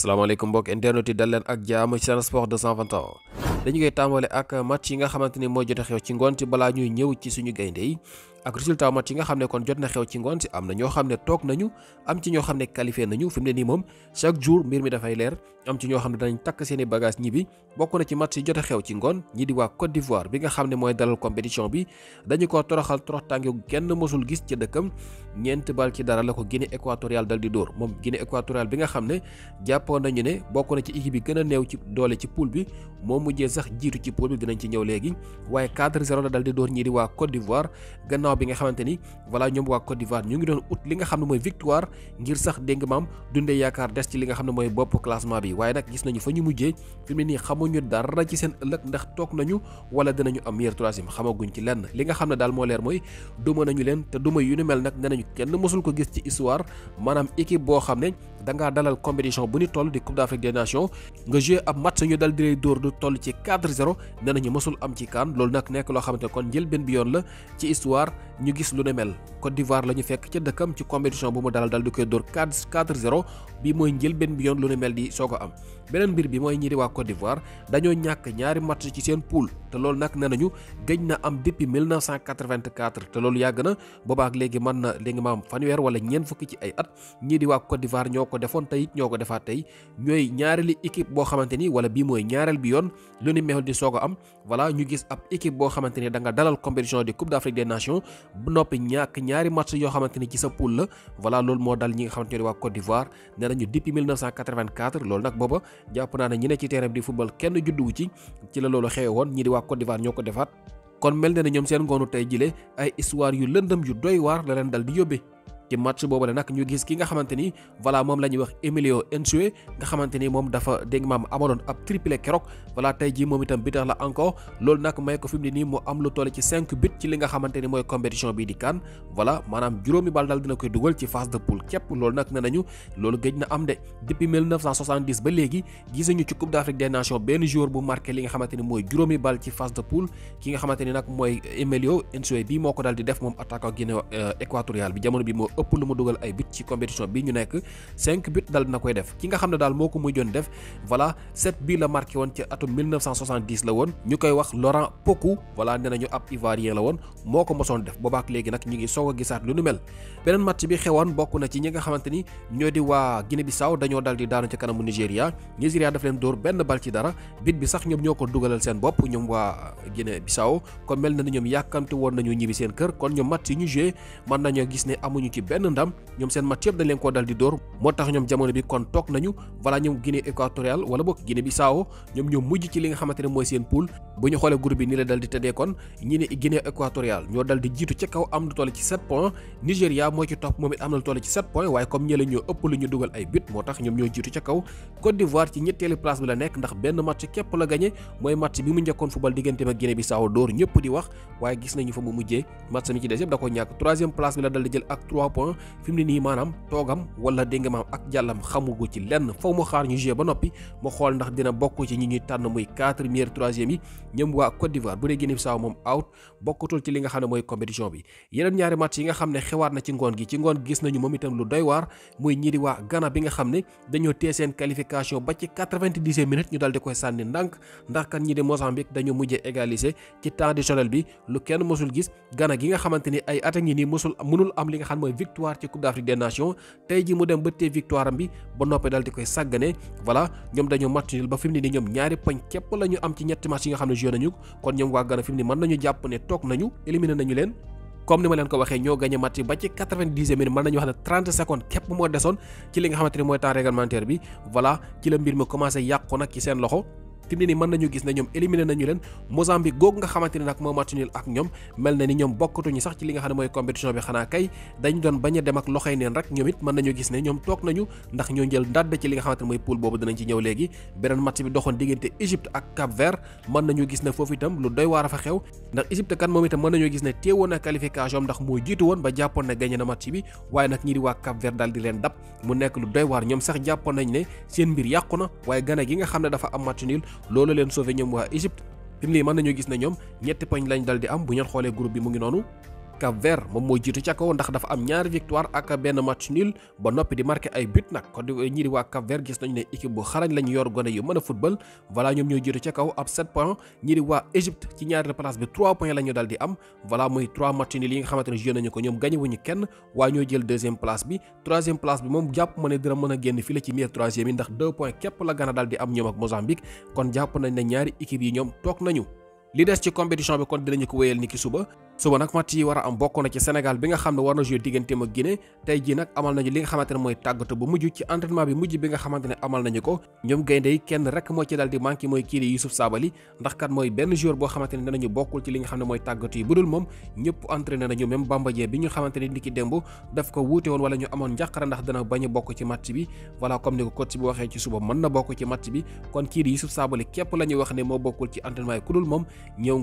salaamaaleykum mbokk internet yi dal leen ak jaam ci Sen Sports 221 dañu koy tàmbale ak match yi nga xamante ni moo jot xew ci ngoon balaa ñuy ñëw ci suñu gaynde yi ak résultat match yi nga xam ne kon jot na xew ci ngoon si am na ñoo xam ne toog nañu am ci ñoo xam ne qualifié nañu fi ne nii moom chaque jour mbir mi dafay leer am ci ñoo xam ne danañ takk seen i ñibbi bokk na ci match yi jot a xew ci ngoon ñi di waa Côte d'Ivoire bi nga xam ne mooy dalal compétition bi dañu ko toroxal torox tàng yu kenn mosul gis ci dëkkam ñeent bal ci dara la ko Guinée équatoriale dal di dóor moom Guinée équatoriale bi nga xam ne jàppoon nañu ne bokk na ci équipe bi gën a néew ci doole ci poule bi moo mujjee sax jiitu ci poule bi dinañ ci ñëw léegi waaye 4-0 dal di dóor ñi di waa Côte d'Ivoire gannaaw ginnaaw bi nga xamante ni voilà ñoom waa Côte d'Ivoire ñu ngi doon ut li nga xam ne mooy victoire ngir sax dégg maam yaakaar des ci li nga xam ne mooy bopp classement bi waaye nag gis nañu fa ñu mujjee fi mu ne nii xamuñu dara ci seen ëllëg ndax toog nañu wala dinañu am meilleur troisième xamaguñ ci lenn li nga xam ne daal moo leer mooy duma nañu leen te duma yu ni mel nag nee nañu kenn mësul ko gis ci histoire maanaam équipe boo xam ne da dalal compétition bu ni toll di Coupe d'Afrique des Nations nga joué ab match ñu dal di lay dóor du toll ci 4-0 nee nañu mësul am ci kaan loolu nag nekk loo xamante kon njëlbeen bi yoon la ci histoire ñu gis lu ne mel Côte d'Ivoire la ñu fekk ca dëkkam ci compétition bu mu dalal dal di koy dóor 4 4-0 bi mooy njëlbeen bi yoon lu ne mel di soo ko am beneen mbir bi mooy ñi di waa Côte d'Ivoire dañoo ñàkk ñaari match ci seen poule te loolu nag nee nañu gëj na am depuis 1984 te loolu yàgg na boobaak léegi mën na léegi maam fanweer wala ñeent fukki ci ay at ñii di waa ñoo ko defoon tey ñoo ko defaat tey ñooy ñaareeli équipe boo xamante ni wala bii mooy ñaareel bi yoon lu soo am voilà ñu gis ab équipe boo xamante ni da nga dalal compétition di Coupe d'Afrique des Nations bu noppi ñàkk ñaari match yoo xamante ni ci sa poule la voilà loolu moo dal ñi nga xamante ñoo di waa Côte d'Ivoire nee nañu depuis loolu nag booba jàpp naa ne ñi ne ci terrain bi di football kenn judduwu ci ci la loolu xewe woon ñi di waa Côte d'Ivoire ñoo ko defaat kon mel na ne ñoom seen ngoonu tey jile ay histoire yu lëndëm yu doy waar la leen dal di yóbbee ci match boobu la ñu gis ki nga xamante ni voilà moom la wax Emilio Nsue nga xamante ni moom dafa dégg amaloon ab triplé keroog voilà tey jii moom itam bitax la encore loolu nag may ko fi mu mu am lu toll ci 5 ci li nga xamante ni mooy compétition bii di kan voilà maanaam juróomi bal daal dina koy dugal ci phase de poule loolu nag ne nañu loolu géej na am de ba léegi gisuñu ci Coupe d'Afrique des Nations benn joueur bu marqué li nga ëpp lu mu dugal ay but ci compétition bi ñu nekk 5 but dal dina koy def ki nga xam ne daal moo ko mujjoon def voilà 7 bi la marqué woon ci atum 1970 la woon ñu koy wax Laurent Pokou voilà nee nañu ab Ivoirien la woon moo ko mosoon def boobaak léegi nag ñu ngi soog a gisaat lu nu mel beneen match bi xewoon bokk na ci ñi nga xamante ni ñoo di waa Guinée Bissau dañoo dal di daanu ci kanamu Nigéria Nigéria daf leen dóor benn bal ci dara bit bi sax ñoom ñoo benn ndam ñoom seen match yëpp dañ leen koo dal di dóor moo tax ñoom jamono bi kon toog nañu voilà ñoom Guinée équatoriale wala boog Guinée Bissau ñoom ñoo mujj ci li nga xamante mooy seen poule bu ñu xoolee groupe bi ni la dal tëddee kon ñi ne Guinée équatoriale ñoo dal jiitu ca kaw am lu toll ci 7 points Nigéria moo ci topp moom it am na toll ci 7 points waaye comme ñële ñoo ëpp lu ñu dugal ay but moo tax ñoom ñoo jiitu ca kaw Côte di point fi mu ne nii maanaam toogam wala dégg nga maam ak jàllam xamugu ci lenn faw mu xaar ñu joué ba noppi mu xool ndax dina bokk ci ñi ñuy tànn muy quatre meilleurs troisième yi ñëm waa Côte d'Ivoire bu dee Guinée-Bissau moom out bokkatul ci li nga xam ne mooy compétition bi yeneen ñaari match yi nga xam ne xewaat na ci ngoon gi ci ngoon gis nañu moom itam lu doy waar muy ñii waa Ghana bi nga xam ne dañoo tee qualification ba ci minute ñu dal di koy sànni a victoire ci coupe d'Afrique des nations tey ji mu dem ba tey victoire am bi ba noppee dal di koy sàggane voilà ñoom dañoo match ba fi mu ne nii ñoom ñaari poñ képp la ñu am ci ñetti match yi nga xam ne joué nañu kon ñoom waa Ghana fi mu ne mën nañu jàpp ne toog nañu éliminé nañu leen comme ni ma leen ko waxee ñoo gagné match ba ci quatre-vingt-dixième minute mën nañu wax ne trente secondes képp moo desoon ci li nga xamante ne mooy temps réglementaire bi voilà ci la mbir mi commencé yàqu nag ci fi mu nii mën nañu gis ne ñoom éliminé nañu leen Mozambique googu nga xamante ne nag moo match nul ak ñoom mel na ni ñoom bokkatuñu sax ci li nga xam ne mooy compétition bi xanaa kay dañu doon bañ a dem ak loxoy neen rek ñoom it mën nañu gis ne ñoom toog nañu ndax ñoo jël ndàdd ci li nga xamante ne mooy poule boobu danañ ci ñëw léegi beneen match bi doxoon diggante Égypte ak Cap Vert mën nañu gis ne foofu itam lu doy waar a fa xew ndax Égypte kan moom itam mën nañu ne téewoon na qualification ndax woon ba jàppoon na gagné na match bi waaye nag ñi di waa Cap Vert daal di leen dab mu nekk nañ ne seen mbir yàqu na waaye gane gi nga xam ne dafa am match loolu leen sauvé ñoom waa Égypte fi mu ne mën nañu gis ne ñoom ñetti poñ lañ dal di am bu ñeen xoolee groupe bi mu ngi noonu Cap Vert moom moo jiitu ca kaw ndax dafa am ñaari victoire ak benn match nul ba noppi di marqué ay but nag kon di waaye ñoom ak Mozambique kon jàpp nañ ne ñaari équipe yi ñoom toog nañu li des ci compétition bi kon dinañu ko wéyal ni ki suba suba nag match yi war a am bokk na ci Sénégal bi nga xam ne war na jouer digganteem ak Guinée tey jii nag amal nañu li nga xamante ne mooy tàggatu bu nga xamante ne amal nañu ko ñoom gaynde yi kenn rek moo ci dal di manqué mooy kii di Youssouf Sabaly ndax kat mooy benn joueur boo xamante ne danañu bokkul ci li nga xam ne mooy tàggatu yi bu dul xamante ne ni ki démb daf ko woon wala ñu amoon njàqara ndax a bokk ci match bi voilà comme ni ko coach bi waxee ci suba mën na la wax ne moo bokkul ci entraînement yi ku dul moom ñëw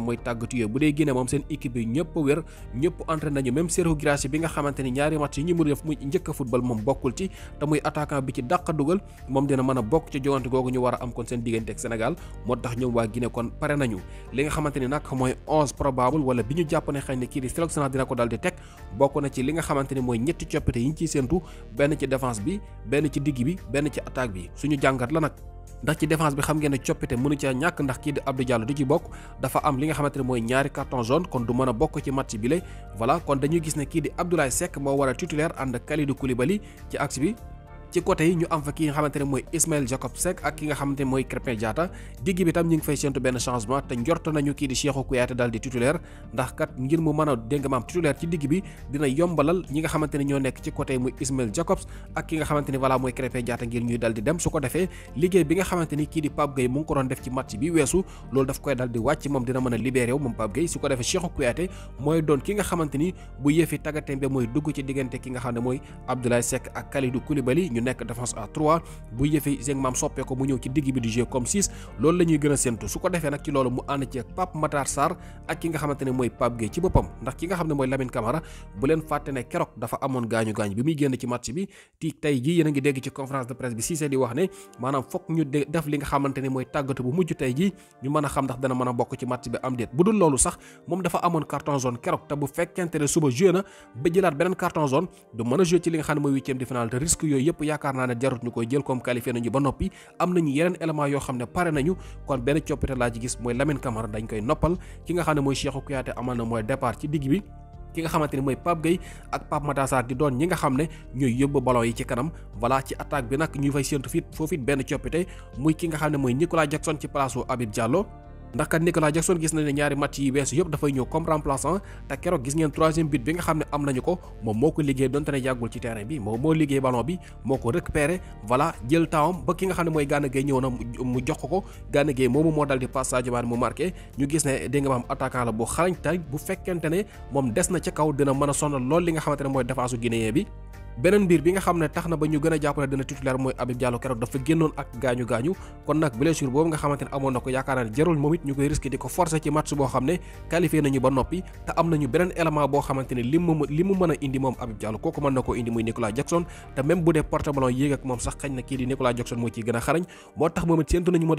mooy tàggatu yooyu bu dee Guinée mom seen équipe bi ñepp wër ñepp entraîné nañu même Serhou Guirassy bi nga xamanteni ñaari match yi ñu mu def muy ñëk football mom bokul ci ta muy attaquant bi ci dàq dugal mom dina mëna bok ci jogante gogu ñu wara am kon seen digënté ak Sénégal mo tax ñoom wa Guinée kon pare nañu li nga xamanteni nak moy 11 probable wala biñu japp jàpp ne xëy ki di sélectionneur dina ko dal di teg bokku na ci li nga xamanteni moy ñetti coppite yi ñu ciy séentu benn ci défense bi ben ci digg bi ben ci attaque bi suñu jangat la nak ndax ci défense bi xam ngeen ne coppite mënu caa ñàkk ndax kii di Abdou Diallo du ci bokk dafa am li nga xamante ne mooy ñaari carton jaune kon du mën a bokk ci match bi la voilà kon dañuy gis ne kii di Abdoulaye Seck moo war a titulaire ànd Kalidou Koulibaly ci axe bi ci côté yi ñu am fa ki nga xamante ne mooy Ismail Jacob Seck ak ki nga xamante ne mooy Krépin Diatta digg bi tam ñu ngi fay séntu benn changement te njort nañu kii di Cheikhou Kouyaté daal di titulaire ndax kat ngir mu mën a dégg maam ci digg bi dina yombalal ñi nga xamante ne ñoo nekk ci côté muy Ismail Jacobs ak ki nga xamante ni mooy Krépin jaata ngir ñuy dal dem su ko defee liggéey bi nga xamante ni kii di Pape Gueye mu ngi ko doon def ci match bi weesu loolu koy dal di wàcc moom dina mën a libéré wu ko defee Cheikhou Kouyaté mooy doon nga xamante ni bu yëfi tagatembe mooy dugg ci diggante ki nga xam ne mooy Abdoulaye Seck ak Kalidou Koulibaly ñu nekk défense à 3 bu yëfee Zeng Maam soppee mu ñëw ci digg bi di jouer comme 6 loolu la ñuy gën su ko defee nag ci loolu mu ànd ci ak Pape Matar ak ki nga xamante mooy Pape Gueye ci boppam ndax ki nga xam ne mooy Lamine Camara bu fàtte ne keroog dafa amoon gaañu gaañu bi muy génn ci match bi ti tey jii yéen a ngi dégg ci conférence de presse bi Cissé di wax ne maanaam fokk ñu def li nga xamante mooy tàggatu bu mujj tey jii ñu mën yaakaar naa ne jarut ñu koy jël comme qualifié nañu ba noppi am nañu yeneen élément yoo xam ne pare nañu kon benn coppite laa ci gis mooy Lamine Camara dañ koy noppal ki nga xam ne mooy Cheikhou Kouyaté amal na mooy départ ci digg bi ki nga xamante ni mooy Pape Gueye ak Pape Matar Sarr di doon ñi nga xam ne ñooy yóbbu ballon yi ci kanam voilà ci attaque bi nag ñu fay séntu fit foofu it benn coppite muy ki nga xam ne mooy Nicolas Jackson ci place u Habib ndax kat Nicolas Jackson gis na ne ñaari match yi weesu yëpp dafay ñëw comme remplaçant te keroog gis ngeen troisième but bi nga xam ne am nañu ko moom moo ko liggéey donte ne yàggul ci terrain bi moom moo liggéey ballon bi moo ko récupéré voilà jël taawam ba ki nga xam ne mooy Gana Gueye ñëw na mu jox ko ko Gana Gueye moomu moo dal di passe Sadio Mané mu marqué ñu gis ne di nga maam attaquant la bu xarañ tay bu fekkente ne moom des na ca kaw dina mën a sonal lool li nga xamante ne mooy défense u bi beneen mbir bi nga xam ne tax na ba ñu gën a jàpp ne dina titulaire mooy Habib Diallo keroog dafa génnoon ak gaañu gaañu kon nag blessure boobu nga xamante ne amoon na ko yaakaar naa jarul moom it ñu koy risqué di ko forcer ci match boo xam ne qualifié nañu ba noppi te am nañu beneen élément boo xamante ne li mu li mën a indi moom Habib Diallo kooku mën na ko indi muy Nicolas Jackson te même bu dee porte yéeg ak moom sax xañ na kii di Nicolas Jackson a xarañ moo tax moom it séentu nañu moo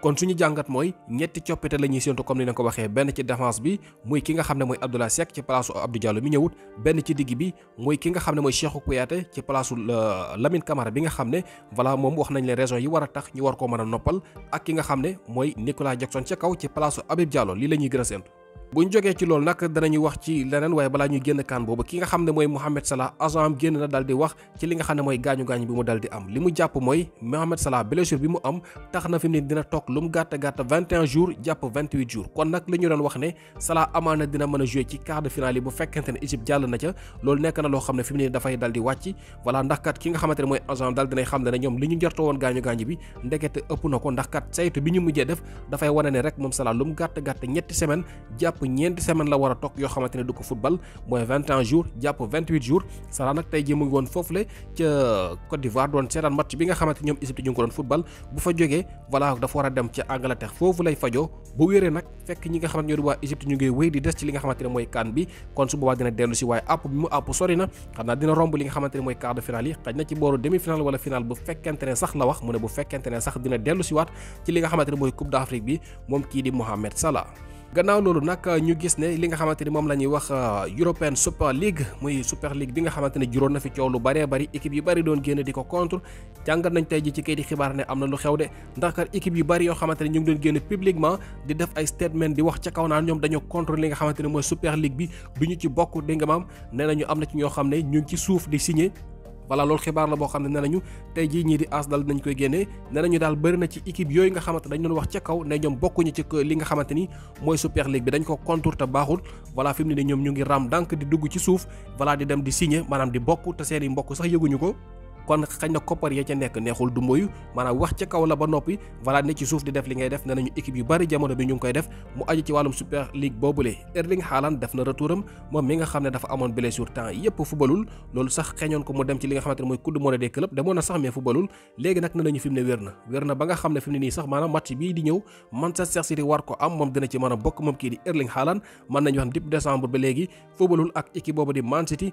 kon suñu jàngat mooy ñetti coppite la ñuy séntu comme ni na ko waxee benn ci défense bi muy ki nga xam ne mooy Abdoulaye Seck ci palaasu Abdou Diallo mi ñëwut benn ci digg bi muy ki nga xam ne mooy Cheikhou Kouyaté ci palaasu euh, Lamine Camara bi nga xam ne voilà moom wax nañ leen raison yi war a tax ñu war ko mën a noppal ak ki nga xam ne mooy Nicolas Jackson ca kaw ci palaasu Habib Diallo lii la ñuy gën a séntu bu ñu ci loolu nag danañu wax ci leneen waaye balaa ñuy génn kaan boobu ki nga xam ne mooy Mohamed Salah agent am génn na daal di wax ci li nga xam ne mooy gaañu-gaañu bi mu daal am li mu jàpp mooy Mohamed Salah blessure bi mu am tax na fi mu dina toog lu mu gàtta gàtta 21 jours jàpp 28 jours kon nag li ñu doon wax ne Salah amaana dina mën a jouer ci quart de finale yi bu fekkente ne Égypte jàll na ca loolu nekk na loo xam ne fi mu ne dafay daal di wàcc voilà ndax kat ki nga xamante ne mooy agent am daal dinay xam woon gaañu-gaañu bi ndekete ëpp na ko ndax kat bi ñu mujjee def dafay wane ne rek moom Salah mu gàtta gàtta ñetti semaine jàpp japp ñent semaine la wara tok yo xamantene du ko football moy vingt un jours japp 28 jours Salah nak tay jii mu ngi woon foofule ca Côte d'Ivoire doon seetaan match bi nga xamantene ñom Égypte ñu ko doon football bu fa joggé voilà dafa wara dem ci Angleterre fofu lay fajo bu wéré nak fekk ñi nga xamantene ñoo di Égypte ñu ngi wéy di dess ci li nga xamantene moy mooy bi kon su boobaa dina dellu ci way app bi mu app sori na xamna dina romb li nga xamantene moy quart de finale yi xajna ci boru demi finale wala finale bu fekkentene sax la wax mu ne bu fekkentene sax dina dellu ci wat ci li nga xamantene moy Coupe d'Afrique bi mom ki di Mohamed Salah gannaaw loolu nag euh, ñu gis ne li nga xamante ni moom la ñuy wax euh, European Super League muy Super League bi nga xamante ne juróon na fi coow lu bare bëri équipe yu bëri doon génn di ko contre jàngat nañ tey ji ci kayiti xibaar ne am na lu xew de ndax kat équipe yu bëri yoo xamante ne ñu ngi doon génn publiquement di def ay statement di wax ca kaw naan ñoom dañoo contre li nga xamante ne mooy Super League bi du ñu ci bokk dégg nga maam nee nañu am na ci ñoo xam ne ñu ngi ci suuf di signé voilà loolu xibaar la boo xam ne nee nañu tey jii ñii di as dal dinañ koy génnee nee nañu daal bëri na ci équipe yooyu nga xamante dañ doon wax ca kaw ne ñoom bokkuñu ci li nga xamante ni mooy super league bi dañ ko contour te baaxul voilà fi mu ne ni ñoom ñu ngi ram dànk di dugg ci suuf voilà di dem di signer maanaam di bokk te seen i mbokk sax yëguñu ko kon xañ na koppar ya ca nekk neexul du mboyu a wax ca kaw la ba noppi voilà ne ci suuf di def li ngay def ne nañu équipe yu bari jamono bi ñu ngi koy def mu aju ci wàllum super league boobule Erling Haaland def na retouram moom mi nga xam ne dafa amoon blessure temps yépp fubalul loolu sax xeñoon ko mu dem ci li nga xam ne mooy coupe du monde des clubs demoon na sax mais fubalul léegi nag ne nañu fi ne wér na wér na ba nga xam ne fi mu ne nii sax maanaam match war ko am moom dina ci mën a bokk moom kii mën nañu wax depuis décembre ba léegi fubalul ak équipe boobu di Man City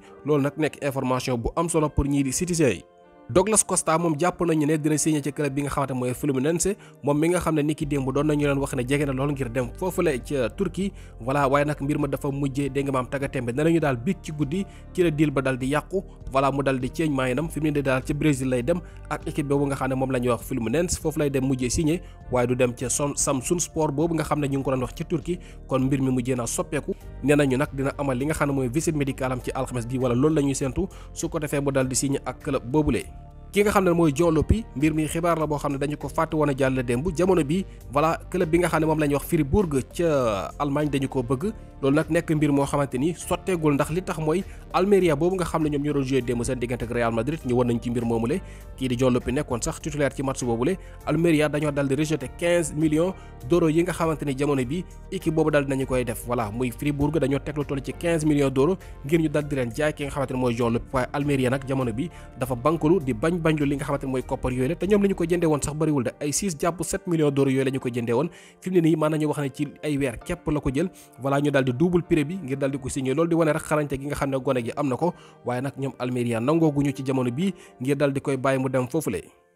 information bu am solo pour ñii di citizens Douglas Costa mom japp nañu né dina signé ci club bi nga xamante mooy Fluminense mom mi nga xamné niki dembu doon nañu leen wax né jege na lool ngir dem fofu lay ci Turquie voilà way nak mbir ma dafa mujjé dégg nga maam tagatembe ne nañu dal bit ci goudi ci le deal ba dal di yaqku voilà mu dal di cieñ mayenam fimni dé dal ci Brésil lay dem ak équipe bobu nga xamné mom lañu la ñuy wax Fluminense foofu lay dem mujjé signé way du dem ci Samsung Sport bobu nga xamné ñu ngi ko doon wax ci Turquie kon mbir mi mujjé na soppeeku né nañu nak dina amal li nga xamné moy visite médicale am ci alxames bi wala loolu lañuy sentu su ko défé mu dal di signé ak club bobu lay ki nga xam ne mooy Diolopy mbir mi xibaar la boo xam ne dañu ko fàtte woon jàll démb jamono bi voilà club bi nga xam ni sotteegul ndax li tax mooy Almeria boobu nga xam ne ñoom ñoo doon joué démb seen diggante ak Real Madrid ñu wan nañ ci mbir moomule waaye Almeria nag jamono bi dafa bankalu di bañ bañ lu li nga xamante mooy koppar yooyu la te ñoom li ko jëndee woon sax bëriwul de ay 6 jàpp 7 millions d'euros yooyu la ko jëndee woon fi ne nii mën nañu wax ne ci ay weer képp la ko jël voilà ñu daal di double bi ngir daal di ko loolu di wane rek xarañte gi nga xam ne gone gi am na ko waaye nag ñoom Almeria nangooguñu ci jamono bii ngir daal di koy bàyyi mu dem foofu lay